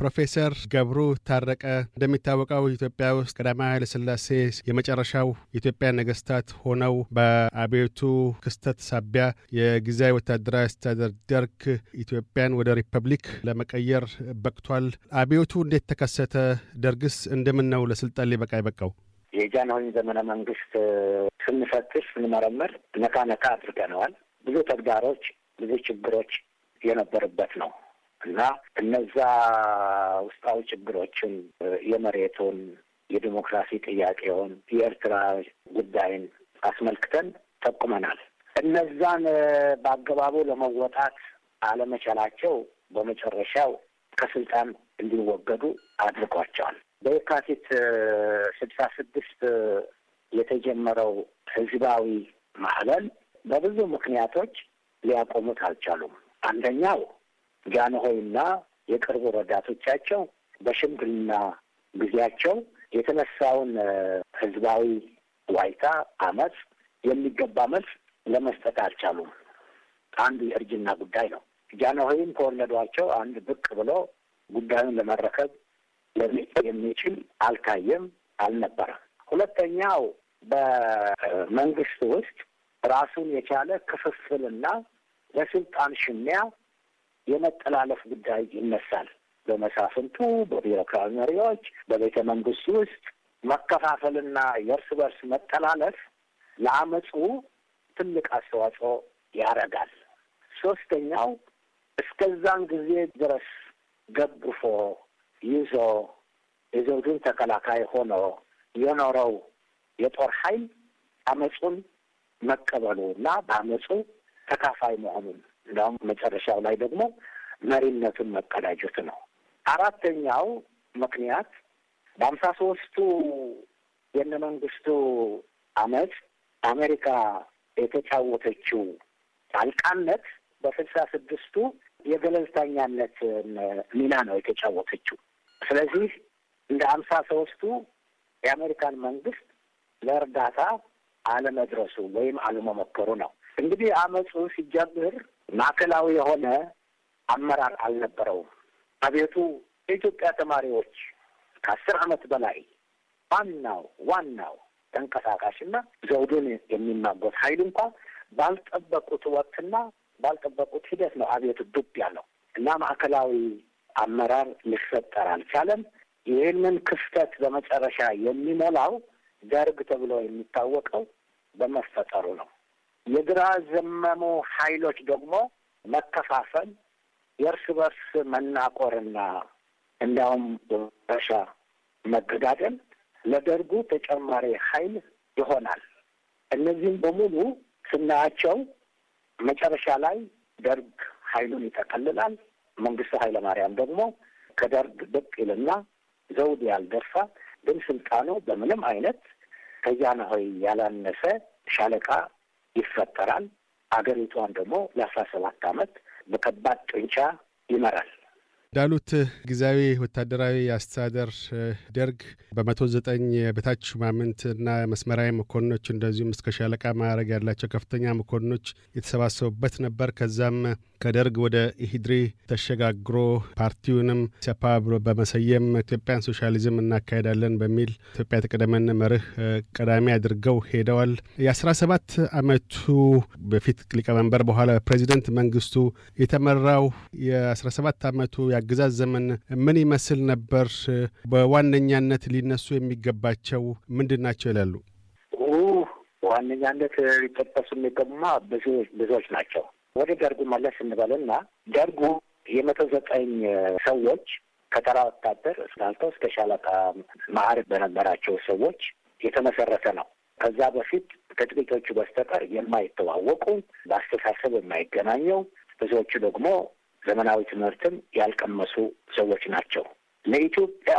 ፕሮፌሰር ገብሩ ታረቀ እንደሚታወቀው ኢትዮጵያ ውስጥ ቀዳማዊ ኃይለሥላሴ የመጨረሻው የኢትዮጵያ ነገስታት ሆነው በአብዮቱ ክስተት ሳቢያ የጊዜያዊ ወታደራዊ አስተዳደር ደርግ ኢትዮጵያን ወደ ሪፐብሊክ ለመቀየር በቅቷል። አብዮቱ እንዴት ተከሰተ? ደርግስ እንደምን ነው ለስልጣን ሊበቃ ይበቃው? የጃንሆኝ ዘመነ መንግስት ስንፈትሽ ስንመረምር ነካ ነካ አድርገነዋል። ብዙ ተግዳሮች፣ ብዙ ችግሮች የነበሩበት ነው። እና እነዛ ውስጣዊ ችግሮችን የመሬቱን፣ የዲሞክራሲ ጥያቄውን፣ የኤርትራ ጉዳይን አስመልክተን ጠቁመናል። እነዛን በአገባቡ ለመወጣት አለመቻላቸው በመጨረሻው ከስልጣን እንዲወገዱ አድርጓቸዋል። በየካቲት ስድሳ ስድስት የተጀመረው ህዝባዊ ማዕበል በብዙ ምክንያቶች ሊያቆሙት አልቻሉም። አንደኛው ጃንሆይና የቅርቡ ረዳቶቻቸው በሽምግልና ጊዜያቸው የተነሳውን ህዝባዊ ዋይታ፣ አመፅ የሚገባ መልስ ለመስጠት አልቻሉም። አንዱ የእርጅና ጉዳይ ነው። ጃንሆይም ከወለዷቸው አንድ ብቅ ብሎ ጉዳዩን ለመረከብ የሚችል አልታየም፣ አልነበረም። ሁለተኛው በመንግስት ውስጥ ራሱን የቻለ ክፍፍልና ለስልጣን ሽሚያ የመጠላለፍ ጉዳይ ይነሳል። በመሳፍንቱ፣ በቢሮክራዊ መሪዎች፣ በቤተ መንግስቱ ውስጥ መከፋፈልና የእርስ በርስ መጠላለፍ ለአመፁ ትልቅ አስተዋጽኦ ያደርጋል። ሶስተኛው እስከዛን ጊዜ ድረስ ገብፎ ይዞ የዘውዱን ተከላካይ ሆኖ የኖረው የጦር ኃይል አመፁን መቀበሉ እና በአመፁ ተካፋይ መሆኑን እንዲሁም መጨረሻው ላይ ደግሞ መሪነቱን መቀዳጀት ነው። አራተኛው ምክንያት በአምሳ ሶስቱ የነ መንግስቱ አመት አሜሪካ የተጫወተችው ጣልቃነት በስልሳ ስድስቱ የገለልተኛነት ሚና ነው የተጫወተችው። ስለዚህ እንደ አምሳ ሶስቱ የአሜሪካን መንግስት ለእርዳታ አለመድረሱ ወይም አለመሞከሩ ነው። እንግዲህ አመፁ ሲጀምር ማዕከላዊ የሆነ አመራር አልነበረውም። አቤቱ የኢትዮጵያ ተማሪዎች ከአስር ዓመት በላይ ዋናው ዋናው ተንቀሳቃሽና ዘውዱን የሚናጎት ኃይል እንኳ ባልጠበቁት ወቅትና ባልጠበቁት ሂደት ነው አቤቱ ዱብ ያለው እና ማዕከላዊ አመራር ሊፈጠር አልቻለም። ይህንን ክፍተት በመጨረሻ የሚሞላው ደርግ ተብሎ የሚታወቀው በመፈጠሩ ነው። የግራ ዘመሙ ኃይሎች ደግሞ መከፋፈል፣ የእርስ በርስ መናቆርና እንዲያውም በሻ መገዳደል ለደርጉ ተጨማሪ ኃይል ይሆናል። እነዚህም በሙሉ ስናያቸው መጨረሻ ላይ ደርግ ኃይሉን ይጠቀልላል። መንግስቱ ኃይለ ማርያም ደግሞ ከደርግ ብቅ ይልና ዘውድ ያልደርሳ ግን ስልጣኑ በምንም አይነት ከጃንሆይ ያላነሰ ሻለቃ ይፈጠራል። አገሪቷን ደግሞ ለአስራ ሰባት አመት በከባድ ጡንቻ ይመራል። እንዳሉት ጊዜያዊ ወታደራዊ አስተዳደር ደርግ በመቶ ዘጠኝ በታች ሹማምንት እና መስመራዊ መኮንኖች እንደዚሁም እስከ ሻለቃ ማዕረግ ያላቸው ከፍተኛ መኮንኖች የተሰባሰቡበት ነበር። ከዛም ከደርግ ወደ ኢህድሪ ተሸጋግሮ ፓርቲውንም ሰፓ ብሎ በመሰየም ኢትዮጵያን ሶሻሊዝም እናካሄዳለን በሚል ኢትዮጵያ የተቀደመን መርህ ቀዳሚ አድርገው ሄደዋል። የአስራ ሰባት አመቱ በፊት ሊቀመንበር በኋላ ፕሬዚደንት መንግስቱ የተመራው የአስራ ሰባት አመቱ የአገዛዝ ዘመን ምን ይመስል ነበር? በዋነኛነት ሊነሱ የሚገባቸው ምንድን ናቸው ይላሉ? በዋነኛነት ሊጠቀሱ የሚገቡማ ብዙዎች ብዙዎች ናቸው። ወደ ደርጉ መለስ እንበልና ደርጉ የመቶ ዘጠኝ ሰዎች ከተራ ወታደር እስካልተው እስከ ሻለቃ ማዕረግ በነበራቸው ሰዎች የተመሰረተ ነው። ከዛ በፊት ከጥቂቶቹ በስተቀር የማይተዋወቁ በአስተሳሰብ የማይገናኘው ብዙዎቹ ደግሞ ዘመናዊ ትምህርትን ያልቀመሱ ሰዎች ናቸው። ለኢትዮጵያ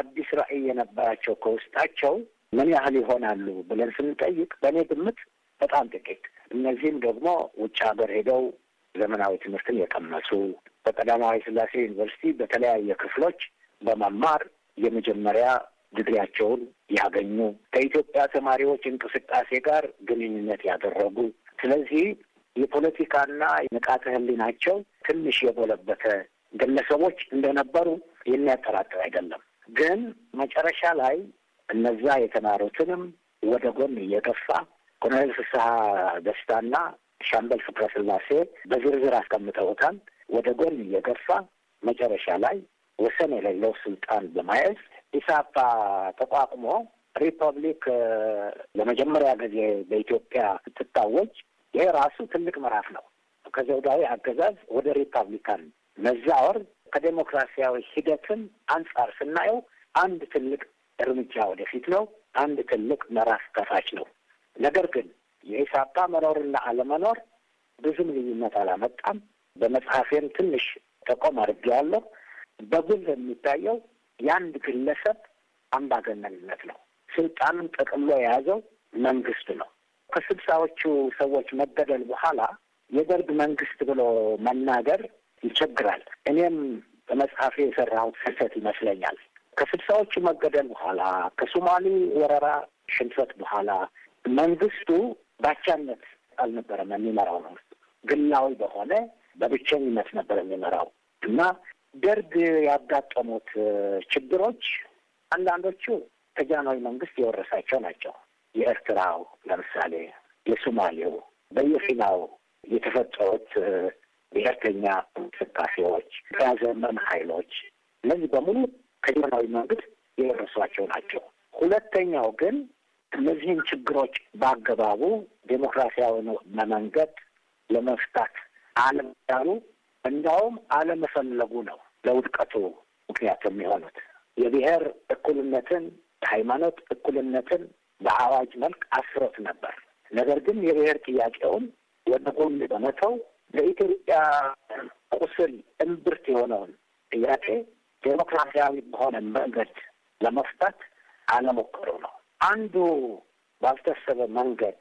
አዲስ ራዕይ የነበራቸው ከውስጣቸው ምን ያህል ይሆናሉ ብለን ስንጠይቅ በእኔ ግምት በጣም ጥቂት። እነዚህም ደግሞ ውጭ ሀገር ሄደው ዘመናዊ ትምህርትን የቀመሱ በቀዳማዊ ስላሴ ዩኒቨርሲቲ በተለያየ ክፍሎች በመማር የመጀመሪያ ድግሪያቸውን ያገኙ ከኢትዮጵያ ተማሪዎች እንቅስቃሴ ጋር ግንኙነት ያደረጉ ስለዚህ የፖለቲካና ንቃተ ህሊናቸው ትንሽ የጎለበተ ግለሰቦች እንደነበሩ የሚያጠራጥር አይደለም። ግን መጨረሻ ላይ እነዛ የተማሩትንም ወደ ጎን እየገፋ ኮሎኔል ፍስሀ ደስታና ሻምበል ፍቅረስላሴ በዝርዝር አስቀምጠውታል። ወደ ጎን እየገፋ መጨረሻ ላይ ወሰን የሌለው ስልጣን በማየት ኢሳፓ ተቋቁሞ ሪፐብሊክ ለመጀመሪያ ጊዜ በኢትዮጵያ ስትታወጅ ይሄ ራሱ ትልቅ ምዕራፍ ነው። ከዘውዳዊ አገዛዝ ወደ ሪፐብሊካን መዛወር ከዴሞክራሲያዊ ሂደትም አንጻር ስናየው አንድ ትልቅ እርምጃ ወደፊት ነው። አንድ ትልቅ ምዕራፍ ከፋች ነው። ነገር ግን የኢሳፓ መኖርና አለመኖር ብዙም ልዩነት አላመጣም። በመጽሐፌም ትንሽ ተቆም አድርጌዋለሁ። በጉልህ የሚታየው የአንድ ግለሰብ አምባገነንነት ነው። ስልጣንን ጠቅልሎ የያዘው መንግስት ነው። ከስልሳዎቹ ሰዎች መገደል በኋላ የደርግ መንግስት ብሎ መናገር ይቸግራል። እኔም በመጽሐፌ የሰራሁት ስህተት ይመስለኛል። ከስልሳዎቹ መገደል በኋላ ከሶማሌ ወረራ ሽንፈት በኋላ መንግስቱ ባቻነት አልነበረም የሚመራው ነው ግላዊ በሆነ በብቸኝነት ነበር የሚመራው እና ደርግ ያጋጠሙት ችግሮች አንዳንዶቹ ተጃናዊ መንግስት የወረሳቸው ናቸው። የኤርትራው ለምሳሌ የሶማሌው በየፊናው የተፈጠሩት ብሔርተኛ እንቅስቃሴዎች፣ ከያዘመም ኃይሎች እነዚህ በሙሉ ከጀመናዊ መንግስት የደረሷቸው ናቸው። ሁለተኛው ግን እነዚህን ችግሮች በአገባቡ ዴሞክራሲያዊ መንገድ ለመፍታት አለመቻሉ እንዲያውም አለመፈለጉ ነው ለውድቀቱ ምክንያት የሚሆኑት የብሔር እኩልነትን፣ የሃይማኖት እኩልነትን በአዋጅ መልክ አስሮት ነበር። ነገር ግን የብሔር ጥያቄውን ወደ ጎን በመተው ለኢትዮጵያ ቁስል እምብርት የሆነውን ጥያቄ ዴሞክራሲያዊ በሆነ መንገድ ለመፍታት አለሞከሩ ነው። አንዱ ባልተሰበ መንገድ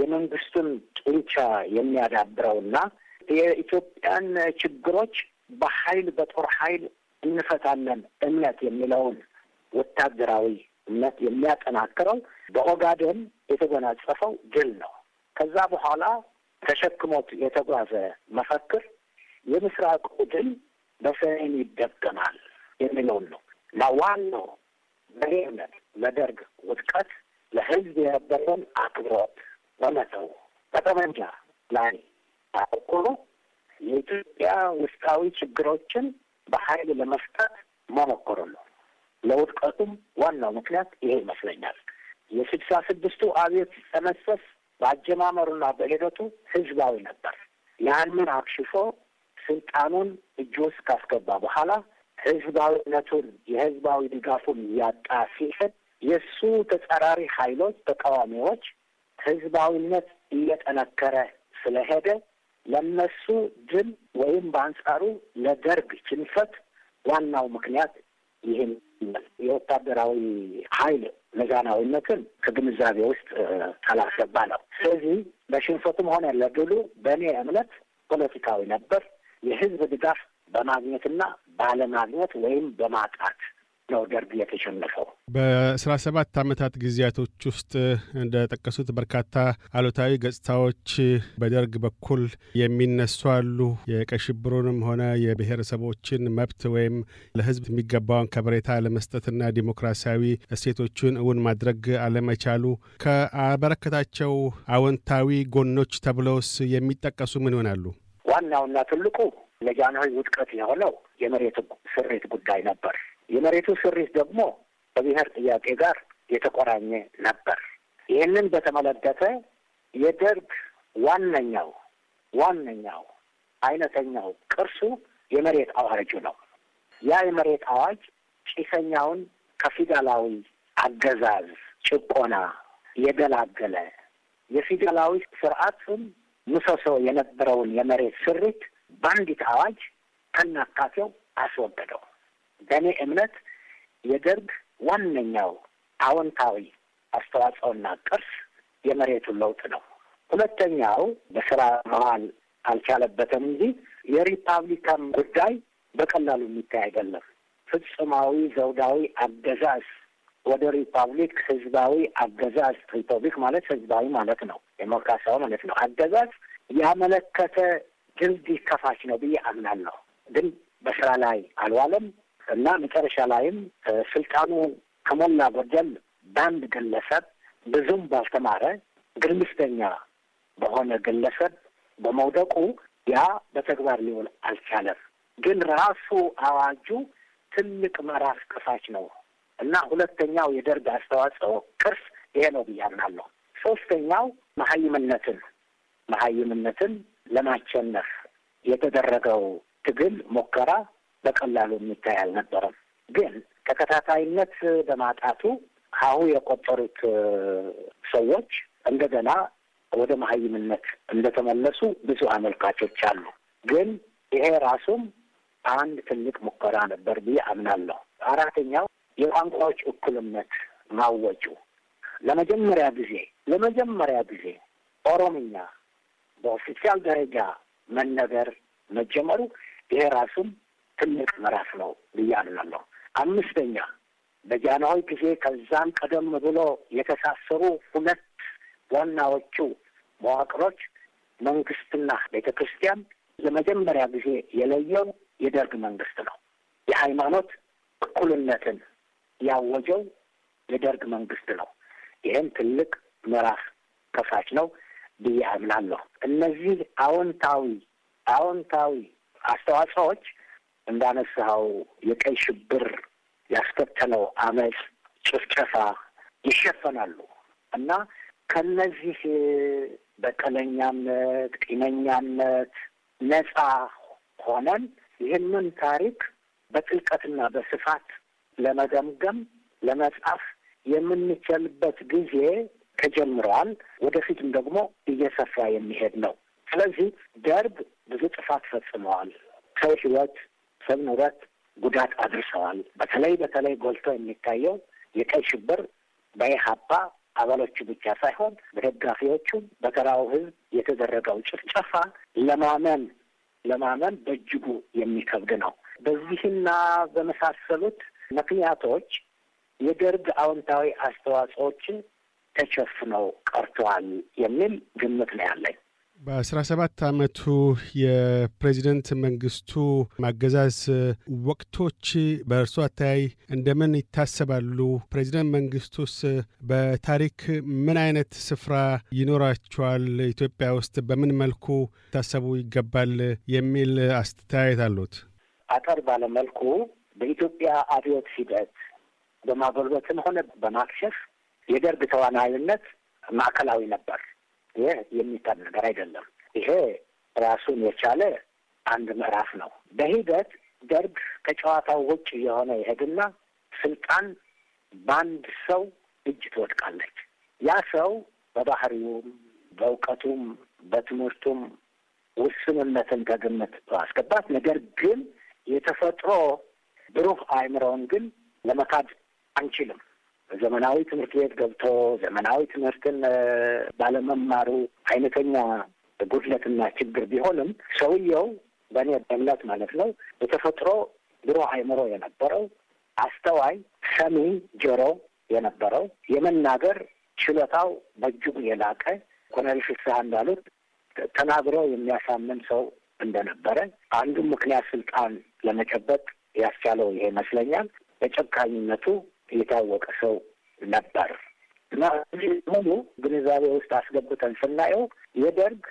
የመንግስቱን ጡንቻ የሚያዳብረውና የኢትዮጵያን ችግሮች በኃይል በጦር ኃይል እንፈታለን እምነት የሚለውን ወታደራዊ እምነት የሚያጠናክረው በኦጋዴን የተጎናጸፈው ድል ነው። ከዛ በኋላ ተሸክሞት የተጓዘ መፈክር የምስራቁ ድል በሰሜን ይደገማል የሚለውን ነው እና ዋናው በሌነት ለደርግ ውድቀት ለህዝብ የነበረን አክብሮት በመተው በጠመንጃ ላይ አተኮሩ። የኢትዮጵያ ውስጣዊ ችግሮችን በኃይል ለመፍታት መሞከሩ ዋናው ምክንያት ይሄ ይመስለኛል። የስልሳ ስድስቱ አብዮት ሲጠነሰስ በአጀማመሩና በሂደቱ ህዝባዊ ነበር። ያንን አክሽፎ ስልጣኑን እጁ ውስጥ ካስገባ በኋላ ህዝባዊነቱን የህዝባዊ ድጋፉን እያጣ ሲሄድ የእሱ ተጻራሪ ኃይሎች ተቃዋሚዎች ህዝባዊነት እየጠነከረ ስለሄደ ለነሱ ድል ወይም በአንጻሩ ለደርግ ችንፈት ዋናው ምክንያት ይህን የወታደራዊ ኃይል ሚዛናዊነትን ከግንዛቤ ውስጥ ካላስገባ ነው። ስለዚህ በሽንፈቱም ሆነ ለድሉ በእኔ እምነት ፖለቲካዊ ነበር። የህዝብ ድጋፍ በማግኘትና ባለማግኘት ወይም በማጣት ነው ደርግ የተሸነፈው። በአስራ ሰባት ዓመታት ጊዜያቶች ውስጥ እንደጠቀሱት በርካታ አሉታዊ ገጽታዎች በደርግ በኩል የሚነሱ አሉ። የቀይ ሽብሩንም ሆነ የብሔረሰቦችን መብት ወይም ለሕዝብ የሚገባውን ከበሬታ ለመስጠትና ዲሞክራሲያዊ እሴቶቹን እውን ማድረግ አለመቻሉ ከአበረከታቸው አዎንታዊ ጎኖች ተብለውስ የሚጠቀሱ ምን ይሆናሉ? ዋናውና ትልቁ ለጃንሆይ ውድቀት የሆነው የመሬት ስሬት ጉዳይ ነበር። የመሬቱ ስሪት ደግሞ ከብሔር ጥያቄ ጋር የተቆራኘ ነበር። ይህንን በተመለከተ የደርግ ዋነኛው ዋነኛው አይነተኛው ቅርሱ የመሬት አዋጁ ነው። ያ የመሬት አዋጅ ጭሰኛውን ከፊደላዊ አገዛዝ ጭቆና የገላገለ የፊደላዊ ስርዓቱን ምሰሶ የነበረውን የመሬት ስሪት በአንዲት አዋጅ ከናካቴው አስወገደው። በእኔ እምነት የደርግ ዋነኛው አዎንታዊ አስተዋጽኦና ቅርስ የመሬቱን ለውጥ ነው። ሁለተኛው በስራ መዋል አልቻለበትም እንጂ የሪፐብሊካን ጉዳይ በቀላሉ የሚታይ አይደለም። ፍጹማዊ ዘውዳዊ አገዛዝ ወደ ሪፐብሊክ ህዝባዊ አገዛዝ ሪፐብሊክ ማለት ህዝባዊ ማለት ነው፣ ዴሞክራሲያዊ ማለት ነው። አገዛዝ ያመለከተ ድልድይ ከፋች ነው ብዬ አምናለሁ። ግን በስራ ላይ አልዋለም። እና መጨረሻ ላይም ስልጣኑ ከሞላ ጎደል በአንድ ግለሰብ ብዙም ባልተማረ ግርምስተኛ በሆነ ግለሰብ በመውደቁ ያ በተግባር ሊውል አልቻለም። ግን ራሱ አዋጁ ትልቅ መራፍ ከፋች ነው እና ሁለተኛው የደርግ አስተዋጽኦ ቅርስ ይሄ ነው ብያምናለሁ። ሶስተኛው መሀይምነትን መሀይምነትን ለማቸነፍ የተደረገው ትግል ሙከራ በቀላሉ የሚታይ አልነበረም። ግን ተከታታይነት በማጣቱ ሀሁ የቆጠሩት ሰዎች እንደገና ወደ መሀይምነት እንደተመለሱ ብዙ አመልካቾች አሉ። ግን ይሄ ራሱም አንድ ትልቅ ሙከራ ነበር ብዬ አምናለሁ። አራተኛው የቋንቋዎች እኩልነት ማወጁ ለመጀመሪያ ጊዜ ለመጀመሪያ ጊዜ ኦሮምኛ በኦፊሻል ደረጃ መነገር መጀመሩ ይሄ ራሱም ትልቅ ምዕራፍ ነው ብዬ አምናለሁ። አምስተኛ በጃንሆይ ጊዜ ከዛም ቀደም ብሎ የተሳሰሩ ሁለት ዋናዎቹ መዋቅሮች መንግስትና ቤተ ክርስቲያን ለመጀመሪያ ጊዜ የለየው የደርግ መንግስት ነው። የሃይማኖት እኩልነትን ያወጀው የደርግ መንግስት ነው። ይህም ትልቅ ምዕራፍ ከፋች ነው ብዬ አምናለሁ። እነዚህ አዎንታዊ አዎንታዊ አስተዋጽኦዎች እንዳነሳኸው የቀይ ሽብር ያስከተለው አመፅ፣ ጭፍጨፋ ይሸፈናሉ እና ከነዚህ በቀለኛነት፣ ቂመኛነት ነፃ ሆነን ይህንን ታሪክ በጥልቀትና በስፋት ለመገምገም ለመጻፍ የምንችልበት ጊዜ ተጀምረዋል። ወደፊትም ደግሞ እየሰፋ የሚሄድ ነው። ስለዚህ ደርግ ብዙ ጥፋት ፈጽመዋል። ሰው ህይወት በማህበረሰብ ንብረት ጉዳት አድርሰዋል። በተለይ በተለይ ጎልቶ የሚታየው የቀይ ሽብር በኢህአፓ አባሎቹ ብቻ ሳይሆን በደጋፊዎቹም በተራው ህዝብ የተደረገው ጭፍጨፋ ለማመን ለማመን በእጅጉ የሚከብድ ነው። በዚህና በመሳሰሉት ምክንያቶች የደርግ አዎንታዊ አስተዋጽኦችን ተሸፍነው ቀርተዋል የሚል ግምት ነው ያለኝ። በ17 ዓመቱ የፕሬዚደንት መንግስቱ ማገዛዝ ወቅቶች በእርሶ አተያይ እንደምን ይታሰባሉ? ፕሬዚደንት መንግስቱስ በታሪክ ምን አይነት ስፍራ ይኖራቸዋል? ኢትዮጵያ ውስጥ በምን መልኩ ይታሰቡ ይገባል የሚል አስተያየት አሉት? አጠር ባለመልኩ በኢትዮጵያ አብዮት ሂደት በማጎልበትም ሆነ በማክሸፍ የደርግ ተዋናይነት ማዕከላዊ ነበር። ይህ የሚታል ነገር አይደለም። ይሄ ራሱን የቻለ አንድ ምዕራፍ ነው። በሂደት ደርግ ከጨዋታው ውጭ የሆነ ይሄድና ስልጣን በአንድ ሰው እጅ ትወድቃለች። ያ ሰው በባህሪውም፣ በእውቀቱም፣ በትምህርቱም ውስንነትን ከግምት በማስገባት ነገር ግን የተፈጥሮ ብሩህ አእምሮውን ግን ለመካድ አንችልም። ዘመናዊ ትምህርት ቤት ገብቶ ዘመናዊ ትምህርትን ባለመማሩ አይነተኛ ጉድለትና ችግር ቢሆንም ሰውየው በእኔ እምነት ማለት ነው የተፈጥሮ ድሮ አይምሮ የነበረው አስተዋይ፣ ሰሚ ጆሮ የነበረው የመናገር ችሎታው በእጅጉ የላቀ ኮሎኔል ፍስሐ እንዳሉት ተናግሮ የሚያሳምን ሰው እንደነበረ አንዱም ምክንያት ስልጣን ለመጨበጥ ያስቻለው ይሄ ይመስለኛል። በጨካኝነቱ የታወቀ ሰው ነበር እና እዚህ ሙሉ ግንዛቤ ውስጥ አስገብተን ስናየው የደርግ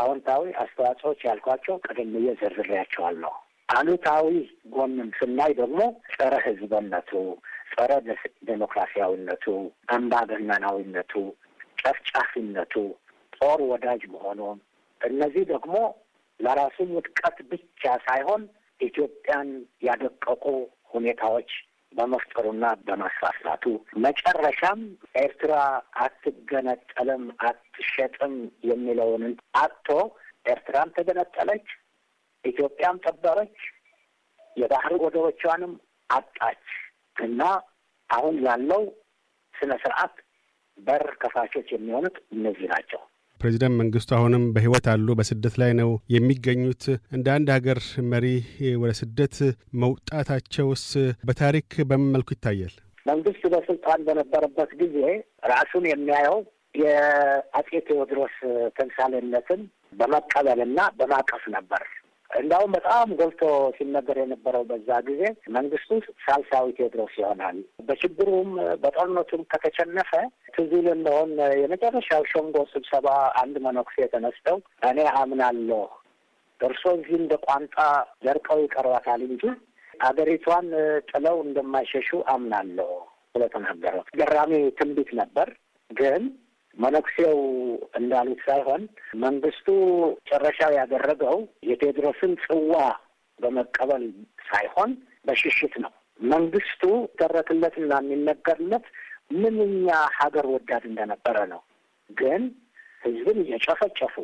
አዎንታዊ አስተዋጽኦች ያልኳቸው ቀደም ብዬ ዘርዝሬያቸዋለሁ። አሉታዊ ጎንም ስናይ ደግሞ ጸረ ህዝብነቱ፣ ጸረ ዴሞክራሲያዊነቱ፣ አምባገነናዊነቱ፣ ጨፍጫፊነቱ፣ ጦር ወዳጅ መሆኑ እነዚህ ደግሞ ለራሱ ውድቀት ብቻ ሳይሆን ኢትዮጵያን ያደቀቁ ሁኔታዎች በመፍጠሩና በማስፋፋቱ መጨረሻም ኤርትራ አትገነጠልም፣ አትሸጥም የሚለውን አቶ ኤርትራም ተገነጠለች፣ ኢትዮጵያም ጠበረች፣ የባህር ወደቦቿንም አጣች እና አሁን ያለው ስነ ስርዓት በር ከፋቾች የሚሆኑት እነዚህ ናቸው። ፕሬዚደንት መንግስቱ አሁንም በህይወት አሉ፣ በስደት ላይ ነው የሚገኙት። እንደ አንድ ሀገር መሪ ወደ ስደት መውጣታቸውስ በታሪክ በምን መልኩ ይታያል? መንግስቱ በስልጣን በነበረበት ጊዜ ራሱን የሚያየው የአጼ ቴዎድሮስ ተምሳሌነትን በመቀበልና በማቀፍ ነበር። እንዳውም በጣም ጎልቶ ሲነገር የነበረው በዛ ጊዜ መንግስቱ ሳልሳዊ ቴዎድሮስ ይሆናል። በችግሩም በጦርነቱም ከተቸነፈ ትዙል እንደሆን የመጨረሻው ሸንጎ ስብሰባ አንድ መነኩሴ የተነስተው እኔ አምናለሁ እርሶ እዚህ እንደ ቋንጣ ዘርቀው ይቀሯታል እንጂ አገሪቷን ጥለው እንደማይሸሹ አምናለሁ ብሎ ተናገረው። ገራሚ ትንቢት ነበር ግን መነኩሴው እንዳሉት ሳይሆን መንግስቱ ጨረሻው ያደረገው የቴዎድሮስን ጽዋ በመቀበል ሳይሆን በሽሽት ነው። መንግስቱ ተረክለትና የሚነገርለት ምንኛ ሀገር ወዳድ እንደነበረ ነው። ግን ህዝብን እየጨፈጨፉ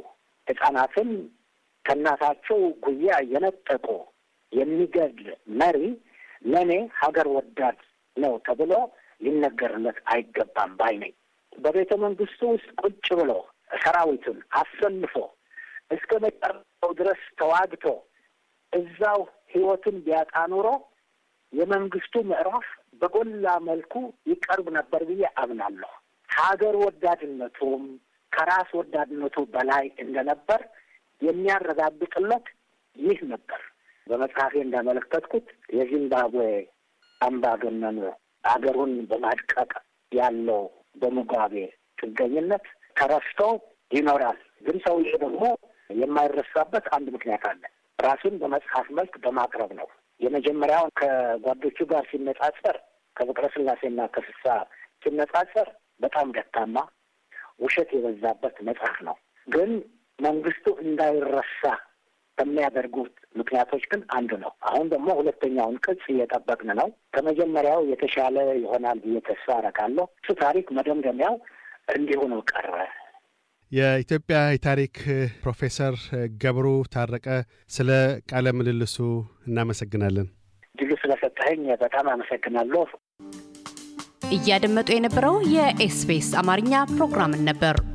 ህጻናትን ከእናታቸው ጉያ እየነጠቁ የሚገድል መሪ ለእኔ ሀገር ወዳድ ነው ተብሎ ሊነገርለት አይገባም ባይ ነኝ። በቤተ መንግስቱ ውስጥ ቁጭ ብሎ ሰራዊቱን አሰልፎ እስከ መጨረሻው ድረስ ተዋግቶ እዛው ህይወቱን ቢያጣ ኑሮ የመንግስቱ ምዕራፍ በጎላ መልኩ ይቀርብ ነበር ብዬ አምናለሁ። ሀገር ወዳድነቱም ከራስ ወዳድነቱ በላይ እንደነበር የሚያረጋግጥለት ይህ ነበር። በመጽሐፌ እንዳመለከትኩት የዚምባብዌ አምባገነኑ አገሩን በማድቀቅ ያለው በሙጋቤ ጥገኝነት ተረስቶ ይኖራል። ግን ሰውዬ ደግሞ የማይረሳበት አንድ ምክንያት አለ። ራሱን በመጽሐፍ መልክ በማቅረብ ነው። የመጀመሪያውን ከጓዶቹ ጋር ሲነጻጸር ከፍቅረ ስላሴና ከፍሳ ሲነጻጸር በጣም ደካማ ውሸት የበዛበት መጽሐፍ ነው። ግን መንግስቱ እንዳይረሳ ከሚያደርጉት ምክንያቶች ግን አንዱ ነው። አሁን ደግሞ ሁለተኛውን ቅጽ እየጠበቅን ነው። ከመጀመሪያው የተሻለ ይሆናል ብዬ ተስፋ አረጋለሁ። እሱ ታሪክ መደምደሚያው እንዲሁ ነው ቀረ። የኢትዮጵያ የታሪክ ፕሮፌሰር ገብሩ ታረቀ ስለ ቃለ ምልልሱ እናመሰግናለን። ድሉ ስለሰጠኸኝ በጣም አመሰግናለሁ። እያደመጡ የነበረው የኤስቢኤስ አማርኛ ፕሮግራምን ነበር።